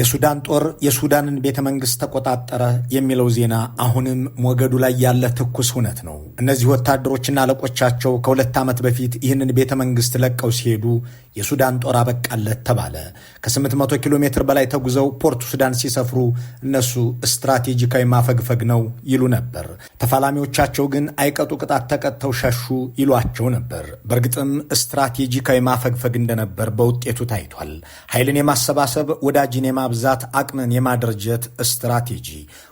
የሱዳን ጦር የሱዳንን ቤተ መንግስት ተቆጣጠረ የሚለው ዜና አሁንም ሞገዱ ላይ ያለ ትኩስ እውነት ነው። እነዚህ ወታደሮችና አለቆቻቸው ከሁለት ዓመት በፊት ይህንን ቤተ መንግስት ለቀው ሲሄዱ የሱዳን ጦር አበቃለት ተባለ። ከ800 ኪሎ ሜትር በላይ ተጉዘው ፖርቱ ሱዳን ሲሰፍሩ እነሱ ስትራቴጂካዊ ማፈግፈግ ነው ይሉ ነበር። ተፋላሚዎቻቸው ግን አይቀጡ ቅጣት ተቀጥተው ሸሹ ይሏቸው ነበር። በእርግጥም ስትራቴጂካዊ ማፈግፈግ እንደነበር በውጤቱ ታይቷል። ኃይልን የማሰባሰብ ወዳጅን የማ የማብዛት አቅምን የማደራጀት ስትራቴጂ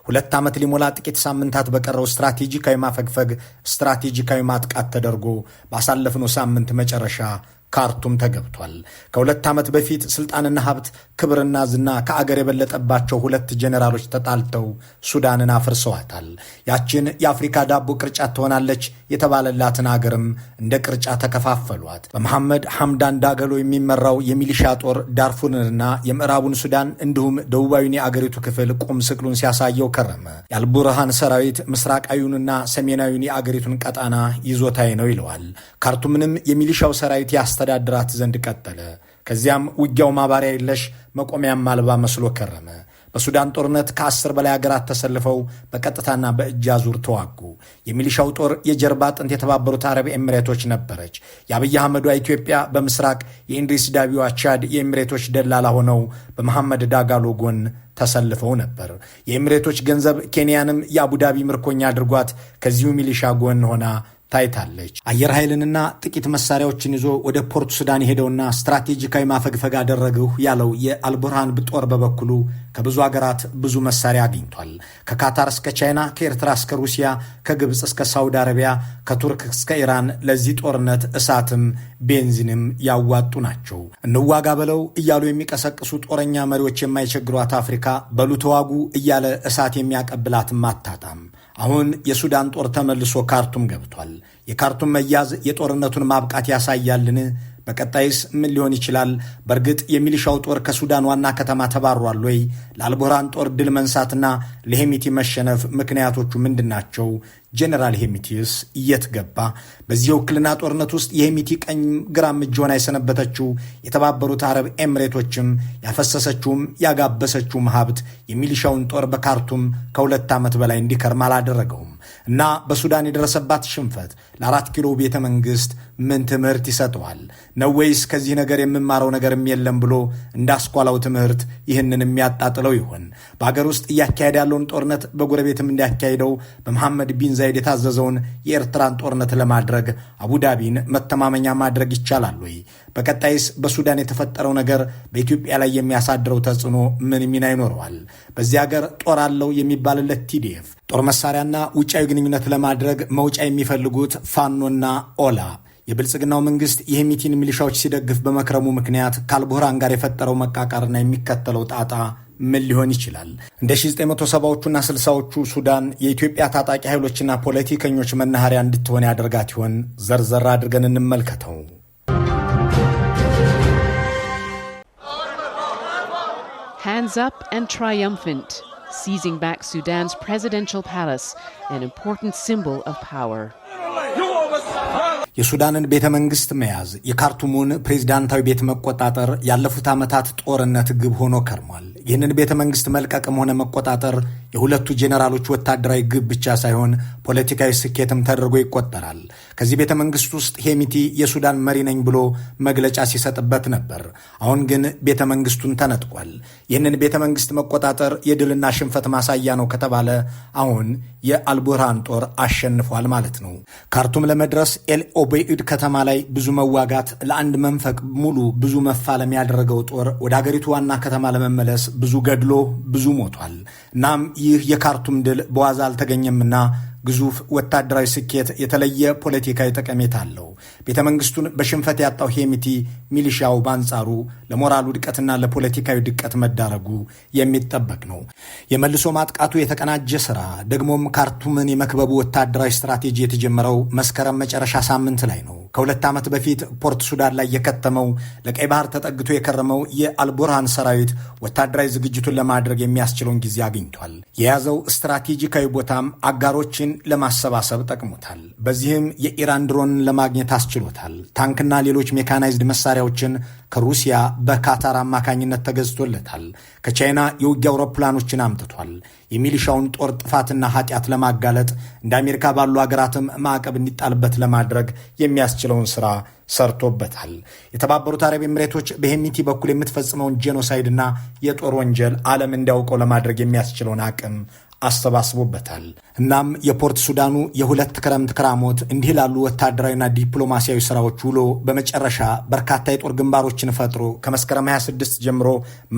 ሁለት ዓመት ሊሞላ ጥቂት ሳምንታት በቀረው ስትራቴጂካዊ ማፈግፈግ ስትራቴጂካዊ ማጥቃት ተደርጎ ባሳለፍነው ሳምንት መጨረሻ ካርቱም ተገብቷል። ከሁለት ዓመት በፊት ስልጣንና ሀብት፣ ክብርና ዝና ከአገር የበለጠባቸው ሁለት ጄኔራሎች ተጣልተው ሱዳንን አፍርሰዋታል። ያችን የአፍሪካ ዳቦ ቅርጫት ትሆናለች የተባለላትን አገርም እንደ ቅርጫ ተከፋፈሏት። በመሐመድ ሐምዳን ዳገሎ የሚመራው የሚሊሻ ጦር ዳርፉርንና የምዕራቡን ሱዳን እንዲሁም ደቡባዊን የአገሪቱ ክፍል ቁም ስቅሉን ሲያሳየው ከረመ። የአልቡርሃን ሰራዊት ምስራቃዊውንና ሰሜናዊውን የአገሪቱን ቀጣና ይዞታዬ ነው ይለዋል። ካርቱምንም የሚሊሻው ሰራዊት ያስ ያስተዳድራት ዘንድ ቀጠለ። ከዚያም ውጊያው ማባሪያ የለሽ መቆሚያም አልባ መስሎ ከረመ። በሱዳን ጦርነት ከአስር በላይ ሀገራት ተሰልፈው በቀጥታና በእጅ አዙር ተዋጉ። የሚሊሻው ጦር የጀርባ አጥንት የተባበሩት አረብ ኤምሬቶች ነበረች። የአብይ አህመዷ ኢትዮጵያ በምስራቅ የኢንድሪስ ዳቢዋ ቻድ የኤምሬቶች ደላላ ሆነው በመሐመድ ዳጋሎ ጎን ተሰልፈው ነበር። የኤምሬቶች ገንዘብ ኬንያንም የአቡዳቢ ምርኮኛ አድርጓት ከዚሁ ሚሊሻ ጎን ሆና ታይታለች። አየር ኃይልንና ጥቂት መሳሪያዎችን ይዞ ወደ ፖርት ሱዳን የሄደውና ስትራቴጂካዊ ማፈግፈግ አደረግሁ ያለው የአልቡርሃን ጦር በበኩሉ ከብዙ አገራት ብዙ መሳሪያ አግኝቷል። ከካታር እስከ ቻይና፣ ከኤርትራ እስከ ሩሲያ፣ ከግብፅ እስከ ሳውዲ አረቢያ፣ ከቱርክ እስከ ኢራን ለዚህ ጦርነት እሳትም ቤንዚንም ያዋጡ ናቸው። እንዋጋ በለው እያሉ የሚቀሰቅሱ ጦረኛ መሪዎች የማይቸግሯት አፍሪካ በሉ ተዋጉ እያለ እሳት የሚያቀብላትም አታጣም። አሁን የሱዳን ጦር ተመልሶ ካርቱም ገብቷል። የካርቱም መያዝ የጦርነቱን ማብቃት ያሳያልን? በቀጣይስ ምን ሊሆን ይችላል? በእርግጥ የሚሊሻው ጦር ከሱዳን ዋና ከተማ ተባሯል ወይ? ለአልቡርሃን ጦር ድል መንሳትና ለሄሚቲ መሸነፍ ምክንያቶቹ ምንድናቸው? ጄኔራል ሄሚቲስ የት ገባ? በዚህ የውክልና ጦርነት ውስጥ የሄሚቲ ቀኝ ግራም እጅ ሆና የሰነበተችው የተባበሩት አረብ ኤምሬቶችም ያፈሰሰችውም ያጋበሰችውም ሀብት የሚሊሻውን ጦር በካርቱም ከሁለት ዓመት በላይ እንዲከርም አላደረገውም እና በሱዳን የደረሰባት ሽንፈት ለአራት ኪሎ ቤተ መንግስት ምን ትምህርት ይሰጠዋል? ነው ወይስ ከዚህ ነገር የምማረው ነገርም የለም ብሎ እንዳስኳላው ትምህርት ይህንን የሚያጣጥለው ይሆን? በአገር ውስጥ እያካሄደ ያለውን ጦርነት በጎረቤትም እንዲያካሄደው በመሐመድ ቢን ዘይድ የታዘዘውን የኤርትራን ጦርነት ለማድረግ አቡዳቢን መተማመኛ ማድረግ ይቻላል ወይ? በቀጣይስ በሱዳን የተፈጠረው ነገር በኢትዮጵያ ላይ የሚያሳድረው ተጽዕኖ ምን ሚና ይኖረዋል? በዚህ ሀገር ጦር አለው የሚባልለት ቲዲኤፍ ጦር መሳሪያና ውጫዊ ግንኙነት ለማድረግ መውጫ የሚፈልጉት ፋኖና ኦላ የብልጽግናው መንግስት የሄሚቲን ሚሊሻዎች ሲደግፍ በመክረሙ ምክንያት ከአልቡርሃን ጋር የፈጠረው መቃቃርና የሚከተለው ጣጣ ምን ሊሆን ይችላል? እንደ 1970ዎቹና 60ዎቹ ሱዳን የኢትዮጵያ ታጣቂ ኃይሎችና ፖለቲከኞች መናኸሪያ እንድትሆን ያደርጋት ይሆን? ዘርዘር አድርገን እንመልከተው። ሃንድስ አፕ ኤንድ ትራይምፍንት ሲዚንግ ባክ ሱዳንስ ፕሬዚደንሻል ፓላስ አን ኢምፖርታንት ሲምቦል ኦፍ ፓወር የሱዳንን ቤተ መንግስት መያዝ፣ የካርቱሙን ፕሬዚዳንታዊ ቤት መቆጣጠር ያለፉት ዓመታት ጦርነት ግብ ሆኖ ከርሟል። ይህንን ቤተ መንግስት መልቀቅም ሆነ መቆጣጠር የሁለቱ ጄኔራሎች ወታደራዊ ግብ ብቻ ሳይሆን ፖለቲካዊ ስኬትም ተደርጎ ይቆጠራል። ከዚህ ቤተ መንግስት ውስጥ ሄሚቲ የሱዳን መሪ ነኝ ብሎ መግለጫ ሲሰጥበት ነበር። አሁን ግን ቤተ መንግስቱን ተነጥቋል። ይህንን ቤተ መንግስት መቆጣጠር የድልና ሽንፈት ማሳያ ነው ከተባለ አሁን የአልቡርሃን ጦር አሸንፏል ማለት ነው። ካርቱም ለመድረስ ኤል ከተማ ላይ ብዙ መዋጋት ለአንድ መንፈቅ ሙሉ ብዙ መፋለም ያደረገው ጦር ወደ አገሪቱ ዋና ከተማ ለመመለስ ብዙ ገድሎ ብዙ ሞቷል። እናም ይህ የካርቱም ድል በዋዛ አልተገኘምና ግዙፍ ወታደራዊ ስኬት የተለየ ፖለቲካዊ ጠቀሜታ አለው። ቤተ መንግስቱን በሽንፈት ያጣው ሄሚቲ ሚሊሻው በአንጻሩ ለሞራል ውድቀትና ለፖለቲካዊ ድቀት መዳረጉ የሚጠበቅ ነው። የመልሶ ማጥቃቱ የተቀናጀ ስራ ደግሞም ካርቱምን የመክበቡ ወታደራዊ ስትራቴጂ የተጀመረው መስከረም መጨረሻ ሳምንት ላይ ነው። ከሁለት ዓመት በፊት ፖርት ሱዳን ላይ የከተመው ለቀይ ባህር ተጠግቶ የከረመው የአልቡርሃን ሰራዊት ወታደራዊ ዝግጅቱን ለማድረግ የሚያስችለውን ጊዜ አግኝቷል። የያዘው ስትራቴጂካዊ ቦታም አጋሮችን ለማሰባሰብ ጠቅሞታል። በዚህም የኢራን ድሮንን ለማግኘት አስችሎታል። ታንክና ሌሎች ሜካናይዝድ መሳሪያዎችን ከሩሲያ በካታር አማካኝነት ተገዝቶለታል። ከቻይና የውጊያ አውሮፕላኖችን አምጥቷል። የሚሊሻውን ጦር ጥፋትና ኃጢአት ለማጋለጥ እንደ አሜሪካ ባሉ ሀገራትም ማዕቀብ እንዲጣልበት ለማድረግ የሚያስ የሚያስችለውን ስራ ሰርቶበታል። የተባበሩት አረብ ኤምሬቶች በሄሚቲ በኩል የምትፈጽመውን ጄኖሳይድና የጦር ወንጀል ዓለም እንዲያውቀው ለማድረግ የሚያስችለውን አቅም አሰባስቦበታል። እናም የፖርት ሱዳኑ የሁለት ክረምት ክራሞት እንዲህ ላሉ ወታደራዊና ዲፕሎማሲያዊ ስራዎች ውሎ በመጨረሻ በርካታ የጦር ግንባሮችን ፈጥሮ ከመስከረም 26 ጀምሮ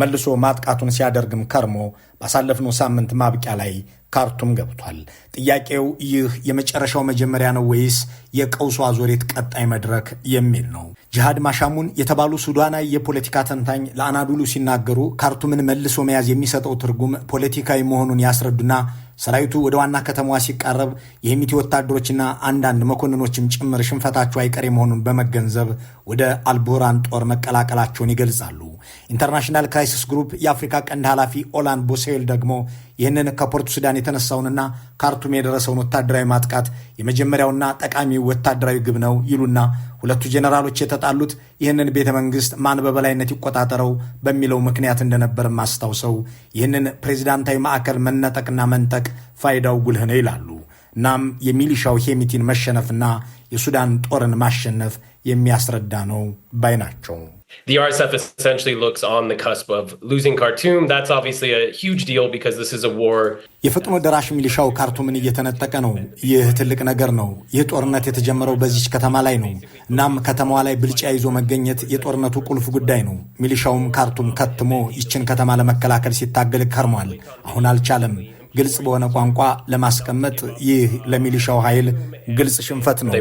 መልሶ ማጥቃቱን ሲያደርግም ከርሞ ባሳለፍነው ሳምንት ማብቂያ ላይ ካርቱም ገብቷል። ጥያቄው ይህ የመጨረሻው መጀመሪያ ነው ወይስ የቀውሱ አዙሪት ቀጣይ መድረክ የሚል ነው። ጅሃድ ማሻሙን የተባሉ ሱዳናዊ የፖለቲካ ተንታኝ ለአናዱሉ ሲናገሩ ካርቱምን መልሶ መያዝ የሚሰጠው ትርጉም ፖለቲካዊ መሆኑን ያስረዱና ሰራዊቱ ወደ ዋና ከተማዋ ሲቃረብ የሚቲ ወታደሮችና አንዳንድ መኮንኖችም ጭምር ሽንፈታቸው አይቀሬ መሆኑን በመገንዘብ ወደ አልቡራን ጦር መቀላቀላቸውን ይገልጻሉ። ኢንተርናሽናል ክራይሲስ ግሩፕ የአፍሪካ ቀንድ ኃላፊ ኦላን ቦሴል ደግሞ ይህንን ከፖርቱ ሱዳን የተነሳውንና ካርቱም የደረሰውን ወታደራዊ ማጥቃት የመጀመሪያውና ጠቃሚው ወታደራዊ ግብ ነው ይሉና ሁለቱ ጄኔራሎች የተጣሉት ይህንን ቤተ መንግስት ማን በበላይነት ይቆጣጠረው በሚለው ምክንያት እንደነበርም አስታውሰው ይህንን ፕሬዚዳንታዊ ማዕከል መነጠቅና መንጠቅ ፋይዳው ጉልህ ነው ይላሉ። እናም የሚሊሻው ሄሚቲን መሸነፍና የሱዳን ጦርን ማሸነፍ የሚያስረዳ ነው ባይ ናቸው። The RSF essentially looks on the cusp of losing Khartoum. That's obviously a huge deal because this is a war. የፈጥኖ ደራሽ ሚሊሻው ካርቱምን እየተነጠቀ ነው። ይህ ትልቅ ነገር ነው። ይህ ጦርነት የተጀመረው በዚች ከተማ ላይ ነው። እናም ከተማዋ ላይ ብልጫ ይዞ መገኘት የጦርነቱ ቁልፍ ጉዳይ ነው። ሚሊሻውም ካርቱም ከትሞ ይችን ከተማ ለመከላከል ሲታገል ከርሟል። አሁን አልቻለም። ግልጽ በሆነ ቋንቋ ለማስቀመጥ ይህ ለሚሊሻው ኃይል ግልጽ ሽንፈት ነው።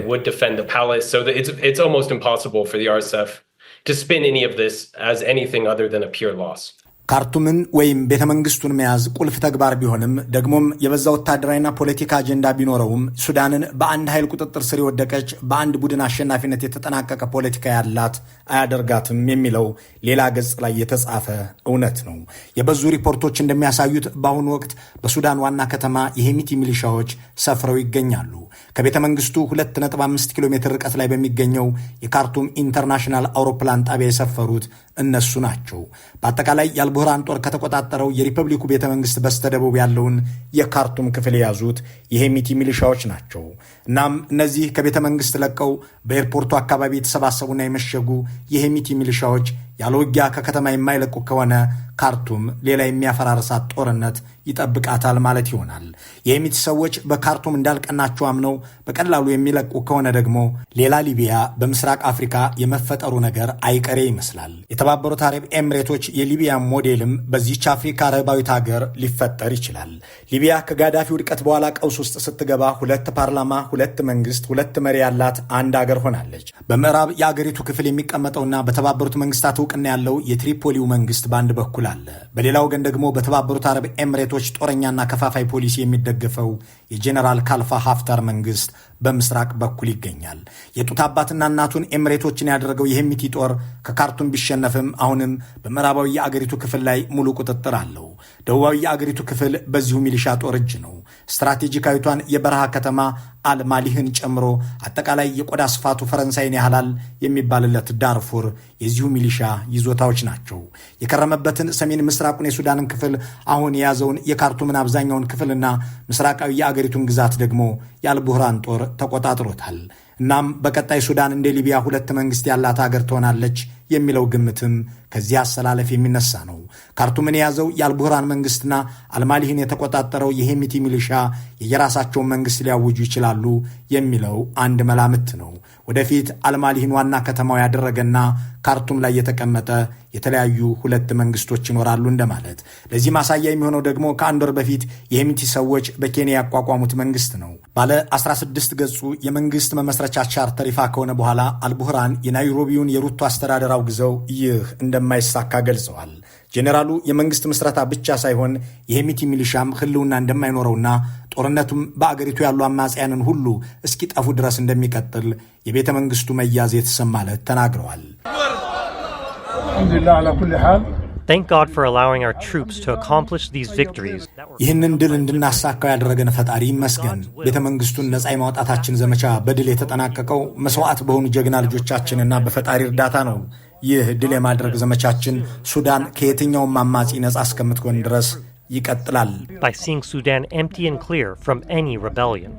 ካርቱምን ወይም ቤተ መንግስቱን መያዝ ቁልፍ ተግባር ቢሆንም ደግሞም የበዛ ወታደራዊና ፖለቲካ አጀንዳ ቢኖረውም ሱዳንን በአንድ ኃይል ቁጥጥር ስር የወደቀች በአንድ ቡድን አሸናፊነት የተጠናቀቀ ፖለቲካ ያላት አያደርጋትም የሚለው ሌላ ገጽ ላይ የተጻፈ እውነት ነው። የበዙ ሪፖርቶች እንደሚያሳዩት በአሁኑ ወቅት በሱዳን ዋና ከተማ የሄሚቲ ሚሊሻዎች ሰፍረው ይገኛሉ። ከቤተ መንግስቱ 2.5 ኪሎ ሜትር ርቀት ላይ በሚገኘው የካርቱም ኢንተርናሽናል አውሮፕላን ጣቢያ የሰፈሩት እነሱ ናቸው። በአጠቃላይ ያልቦ የቡርሃን ጦር ከተቆጣጠረው የሪፐብሊኩ ቤተ መንግስት በስተደቡብ ያለውን የካርቱም ክፍል የያዙት የሄሚቲ ሚሊሻዎች ናቸው። እናም እነዚህ ከቤተ መንግስት ለቀው በኤርፖርቱ አካባቢ የተሰባሰቡና የመሸጉ የሄሚቲ ሚሊሻዎች ያለ ውጊያ ከከተማ የማይለቁ ከሆነ ካርቱም ሌላ የሚያፈራርሳት ጦርነት ይጠብቃታል ማለት ይሆናል። የሚት ሰዎች በካርቱም እንዳልቀናቸው አምነው በቀላሉ የሚለቁ ከሆነ ደግሞ ሌላ ሊቢያ በምስራቅ አፍሪካ የመፈጠሩ ነገር አይቀሬ ይመስላል። የተባበሩት አረብ ኤምሬቶች የሊቢያ ሞዴልም በዚች አፍሪካ አረባዊት ሀገር ሊፈጠር ይችላል። ሊቢያ ከጋዳፊ ውድቀት በኋላ ቀውስ ውስጥ ስትገባ ሁለት ፓርላማ፣ ሁለት መንግስት፣ ሁለት መሪ ያላት አንድ አገር ሆናለች። በምዕራብ የአገሪቱ ክፍል የሚቀመጠውና በተባበሩት መንግስታት እውቅና ያለው የትሪፖሊው መንግስት በአንድ በኩል አለ፣ በሌላ ወገን ደግሞ በተባበሩት አረብ ኤምሬቶች ጦረኛና ከፋፋይ ፖሊሲ የሚደገፈው የጄኔራል ካልፋ ሀፍታር መንግስት በምስራቅ በኩል ይገኛል። የጡት አባትና እናቱን ኤምሬቶችን ያደረገው የሄሚቲ ጦር ከካርቱም ቢሸነፍም አሁንም በምዕራባዊ የአገሪቱ ክፍል ላይ ሙሉ ቁጥጥር አለው። ደቡባዊ የአገሪቱ ክፍል በዚሁ ሚሊሻ ጦር እጅ ነው። ስትራቴጂካዊቷን የበረሃ ከተማ አልማሊህን ጨምሮ አጠቃላይ የቆዳ ስፋቱ ፈረንሳይን ያህላል የሚባልለት ዳርፉር የዚሁ ሚሊሻ ይዞታዎች ናቸው። የከረመበትን ሰሜን ምስራቁን የሱዳንን ክፍል አሁን የያዘውን የካርቱምን አብዛኛውን ክፍልና ምስራቃዊ የአገሪቱን ግዛት ደግሞ የአልቡህራን ጦር ተቆጣጥሮታል። እናም በቀጣይ ሱዳን እንደ ሊቢያ ሁለት መንግስት ያላት ሀገር ትሆናለች የሚለው ግምትም ከዚህ አሰላለፍ የሚነሳ ነው። ካርቱምን የያዘው የአልቡህራን መንግስትና አልማሊህን የተቆጣጠረው የሄሚቲ ሚሊሻ የየራሳቸውን መንግስት ሊያውጁ ይችላሉ የሚለው አንድ መላምት ነው። ወደፊት አልማሊህን ዋና ከተማው ያደረገና ካርቱም ላይ የተቀመጠ የተለያዩ ሁለት መንግስቶች ይኖራሉ እንደማለት። ለዚህ ማሳያ የሚሆነው ደግሞ ከአንድ ወር በፊት የሄሚቲ ሰዎች በኬንያ ያቋቋሙት መንግስት ነው። ባለ 16 ገጹ የመንግስት መመስረ የመክሰቻ ቻርተር ይፋ ከሆነ በኋላ አልቡህራን የናይሮቢውን የሩቶ አስተዳደር አውግዘው ይህ እንደማይሳካ ገልጸዋል። ጄኔራሉ የመንግስት ምስረታ ብቻ ሳይሆን የሄሚቲ ሚሊሻም ህልውና እንደማይኖረውና ጦርነቱም በአገሪቱ ያሉ አማጽያንን ሁሉ እስኪጠፉ ድረስ እንደሚቀጥል የቤተ መንግስቱ መያዝ የተሰማለት ተናግረዋል። Thank God for allowing our troops to accomplish these victories. ይህንን ድል እንድናሳካው ያደረገን ፈጣሪ ይመስገን። ቤተ መንግስቱን ነጻ የማውጣታችን ዘመቻ በድል የተጠናቀቀው መስዋዕት በሆኑ ጀግና ልጆቻችንና በፈጣሪ እርዳታ ነው። ይህ ድል የማድረግ ዘመቻችን ሱዳን ከየትኛውም አማጺ ነጻ እስከምትሆን ድረስ ይቀጥላል። By seeing Sudan empty and clear from any rebellion.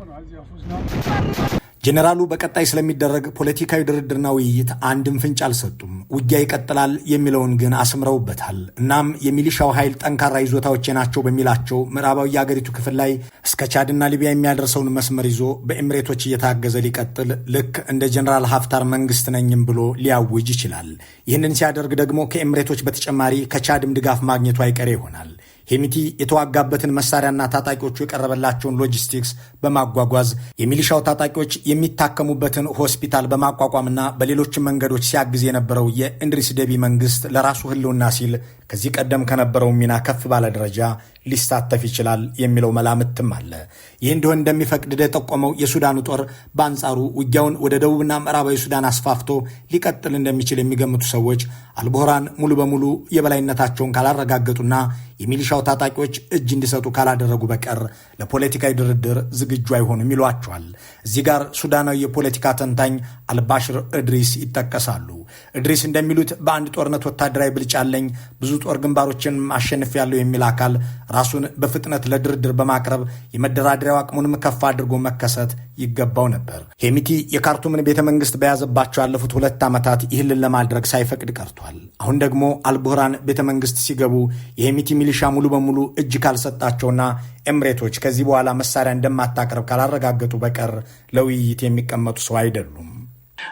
ጄኔራሉ በቀጣይ ስለሚደረግ ፖለቲካዊ ድርድርና ውይይት አንድም ፍንጭ አልሰጡም። ውጊያ ይቀጥላል የሚለውን ግን አስምረውበታል። እናም የሚሊሻው ኃይል ጠንካራ ይዞታዎቼ ናቸው በሚላቸው ምዕራባዊ የአገሪቱ ክፍል ላይ እስከ ቻድና ሊቢያ የሚያደርሰውን መስመር ይዞ በኤምሬቶች እየታገዘ ሊቀጥል ልክ እንደ ጀኔራል ሀፍታር መንግስት ነኝም ብሎ ሊያውጅ ይችላል። ይህንን ሲያደርግ ደግሞ ከኤምሬቶች በተጨማሪ ከቻድም ድጋፍ ማግኘቱ አይቀሬ ይሆናል። ሄሚቲ የተዋጋበትን መሳሪያና ታጣቂዎቹ የቀረበላቸውን ሎጂስቲክስ በማጓጓዝ የሚሊሻው ታጣቂዎች የሚታከሙበትን ሆስፒታል በማቋቋምና በሌሎች መንገዶች ሲያግዝ የነበረው የእንድሪስ ደቢ መንግስት ለራሱ ህልውና ሲል ከዚህ ቀደም ከነበረው ሚና ከፍ ባለ ደረጃ ሊሳተፍ ይችላል የሚለው መላምትም አለ። ይህ እንዲሆን እንደሚፈቅድ የጠቆመው የሱዳኑ ጦር በአንጻሩ ውጊያውን ወደ ደቡብና ምዕራባዊ ሱዳን አስፋፍቶ ሊቀጥል እንደሚችል የሚገምቱ ሰዎች አልቦራን ሙሉ በሙሉ የበላይነታቸውን ካላረጋገጡና የሚሊሻው ታጣቂዎች እጅ እንዲሰጡ ካላደረጉ በቀር ለፖለቲካዊ ድርድር ዝግጁ አይሆኑም ይሏቸዋል። እዚህ ጋር ሱዳናዊ የፖለቲካ ተንታኝ አልባሽር እድሪስ ይጠቀሳሉ። እድሪስ እንደሚሉት በአንድ ጦርነት ወታደራዊ ብልጫ አለኝ፣ ብዙ ጦር ግንባሮችን አሸንፍ ያለው የሚል አካል ራሱን በፍጥነት ለድርድር በማቅረብ የመደራደሪያው አቅሙንም ከፍ አድርጎ መከሰት ይገባው ነበር። ሄሚቲ የካርቱምን ቤተ መንግስት በያዘባቸው ያለፉት ሁለት ዓመታት ይህልን ለማድረግ ሳይፈቅድ ቀርቷል። አሁን ደግሞ አልቡህራን ቤተ መንግስት ሲገቡ የሄሚቲ ሚሊሻ ሙሉ በሙሉ እጅ ካልሰጣቸውና ኤምሬቶች ከዚህ በኋላ መሳሪያ እንደማታቀርብ ካላረጋገጡ በቀር ለውይይት የሚቀመጡ ሰው አይደሉም።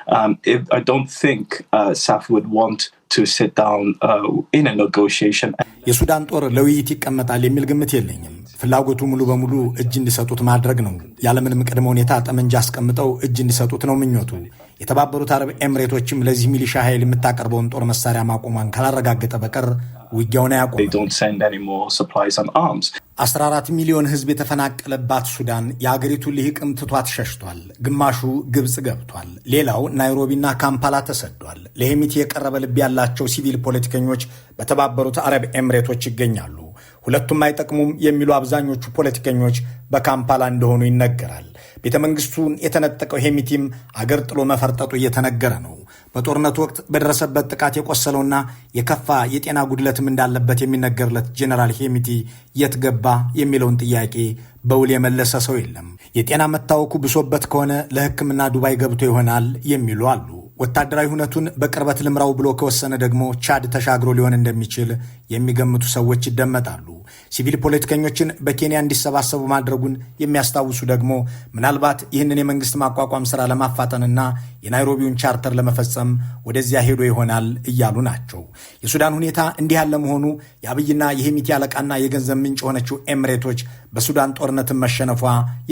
Um, if, I don't think uh, SAF would want to sit down uh, in a negotiation. የሱዳን ጦር ለውይይት ይቀመጣል የሚል ግምት የለኝም። ፍላጎቱ ሙሉ በሙሉ እጅ እንዲሰጡት ማድረግ ነው። ያለምንም ቅድመ ሁኔታ ጠመንጃ አስቀምጠው እጅ እንዲሰጡት ነው ምኞቱ። የተባበሩት አረብ ኤምሬቶችም ለዚህ ሚሊሻ ኃይል የምታቀርበውን ጦር መሳሪያ ማቆሟን ካላረጋገጠ በቀር ውጊያውን አያቆም። 14 ሚሊዮን ሕዝብ የተፈናቀለባት ሱዳን የአገሪቱ ልሂቅም ትቷት ሸሽቷል። ግማሹ ግብፅ ገብቷል። ሌላው ናይሮቢና ካምፓላ ተሰዷል። ለሄሚቲ የቀረበ ልብ ያላቸው ሲቪል ፖለቲከኞች በተባበሩት አረብ ኤምሬቶች ይገኛሉ። ሁለቱም አይጠቅሙም የሚሉ አብዛኞቹ ፖለቲከኞች በካምፓላ እንደሆኑ ይነገራል። ቤተ መንግስቱን የተነጠቀው ሄሚቲም አገር ጥሎ መፈርጠጡ እየተነገረ ነው። በጦርነቱ ወቅት በደረሰበት ጥቃት የቆሰለውና የከፋ የጤና ጉድለትም እንዳለበት የሚነገርለት ጄኔራል ሄሚቲ የት ገባ የሚለውን ጥያቄ በውል የመለሰ ሰው የለም። የጤና መታወኩ ብሶበት ከሆነ ለሕክምና ዱባይ ገብቶ ይሆናል የሚሉ አሉ። ወታደራዊ ሁነቱን በቅርበት ልምራው ብሎ ከወሰነ ደግሞ ቻድ ተሻግሮ ሊሆን እንደሚችል የሚገምቱ ሰዎች ይደመጣሉ። ሲቪል ፖለቲከኞችን በኬንያ እንዲሰባሰቡ ማድረጉን የሚያስታውሱ ደግሞ ምናልባት ይህንን የመንግስት ማቋቋም ስራ ለማፋጠንና የናይሮቢውን ቻርተር ለመፈጸም ወደዚያ ሄዶ ይሆናል እያሉ ናቸው። የሱዳን ሁኔታ እንዲህ ያለ መሆኑ የአብይና የሄሚቲ አለቃና የገንዘብ ምንጭ የሆነችው ኤምሬቶች በሱዳን ጦርነትን መሸነፏ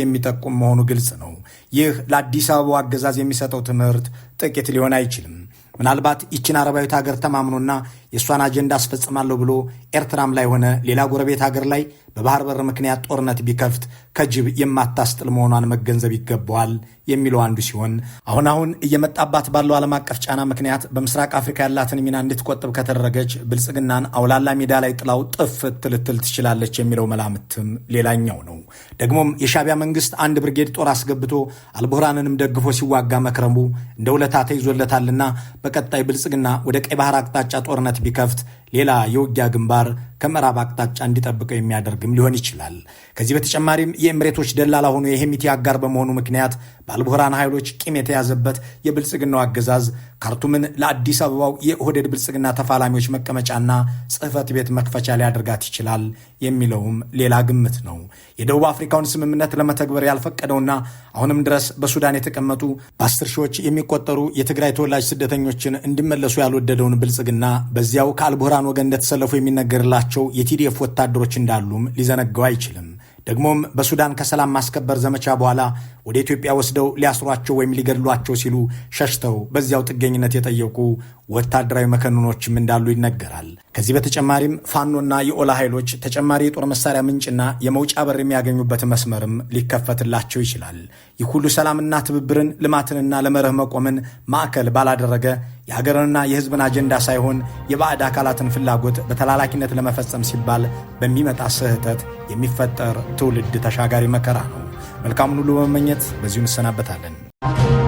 የሚጠቁም መሆኑ ግልጽ ነው። ይህ ለአዲስ አበባው አገዛዝ የሚሰጠው ትምህርት ጥቂት ሊሆን አይችልም። ምናልባት ይችን አረባዊት ሀገር ተማምኖና የእሷን አጀንዳ አስፈጽማለሁ ብሎ ኤርትራም ላይ ሆነ ሌላ ጎረቤት ሀገር ላይ በባህር በር ምክንያት ጦርነት ቢከፍት ከጅብ የማታስጥል መሆኗን መገንዘብ ይገባዋል የሚለው አንዱ ሲሆን አሁን አሁን እየመጣባት ባለው ዓለም አቀፍ ጫና ምክንያት በምስራቅ አፍሪካ ያላትን ሚና እንድትቆጥብ ከተደረገች ብልጽግናን አውላላ ሜዳ ላይ ጥላው ጥፍት ልትል ትችላለች የሚለው መላምትም ሌላኛው ነው። ደግሞም የሻቢያ መንግስት አንድ ብርጌድ ጦር አስገብቶ አልቡርሃንንም ደግፎ ሲዋጋ መክረሙ እንደ ውለታ ተይዞለታልና በቀጣይ ብልጽግና ወደ ቀይ ባህር አቅጣጫ ጦርነት ቢከፍት ሌላ የውጊያ ግንባር ከምዕራብ አቅጣጫ እንዲጠብቀው የሚያደርግም ሊሆን ይችላል። ከዚህ በተጨማሪም የኤምሬቶች ደላላ ሆኖ የሄሚቲ አጋር በመሆኑ ምክንያት ባለብርሃን ኃይሎች ቂም የተያዘበት የብልጽግናው አገዛዝ ካርቱምን ለአዲስ አበባው የኦህዴድ ብልጽግና ተፋላሚዎች መቀመጫና ጽህፈት ቤት መክፈቻ ሊያደርጋት ይችላል የሚለውም ሌላ ግምት ነው። የደቡብ አፍሪካውን ስምምነት ለመተግበር ያልፈቀደውና አሁንም ድረስ በሱዳን የተቀመጡ በአስር ሺዎች የሚቆጠሩ የትግራይ ተወላጅ ስደተኞችን እንዲመለሱ ያልወደደውን ብልጽግና በዚያው ከአልቡራ ከኢራን ወገን እንደተሰለፉ የሚነገርላቸው የቲዲኤፍ ወታደሮች እንዳሉም ሊዘነገው አይችልም። ደግሞም በሱዳን ከሰላም ማስከበር ዘመቻ በኋላ ወደ ኢትዮጵያ ወስደው ሊያስሯቸው ወይም ሊገድሏቸው ሲሉ ሸሽተው በዚያው ጥገኝነት የጠየቁ ወታደራዊ መከኖኖችም እንዳሉ ይነገራል። ከዚህ በተጨማሪም ፋኖና የኦላ ኃይሎች ተጨማሪ የጦር መሳሪያ ምንጭና የመውጫ በር የሚያገኙበት መስመርም ሊከፈትላቸው ይችላል። ይህ ሁሉ ሰላምና ትብብርን ልማትንና ለመርህ መቆምን ማዕከል ባላደረገ የሀገርንና የሕዝብን አጀንዳ ሳይሆን የባዕድ አካላትን ፍላጎት በተላላኪነት ለመፈጸም ሲባል በሚመጣ ስህተት የሚፈጠር ትውልድ ተሻጋሪ መከራ ነው። መልካሙን ሁሉ በመመኘት በዚሁ እንሰናበታለን።